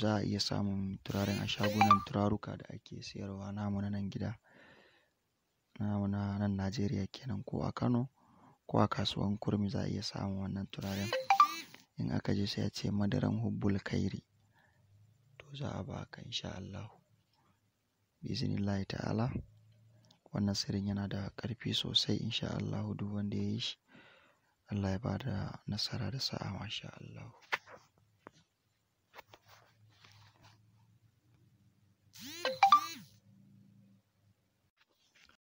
za a iya samun turaren a shagunan turaruka da ake siyarwa namu na nan gida namu na nan Najeriya kenan ko a Kano ko a kasuwan kurmi za a iya samun wannan turaren in aka je sai a ce madaran hubbul kairi to za a ba ka insha Allah biznillahi ta'ala wannan sirrin yana da ƙarfi sosai insha Allah duk wanda ya yi shi Allah ya ba da nasara da sa'a masha Allah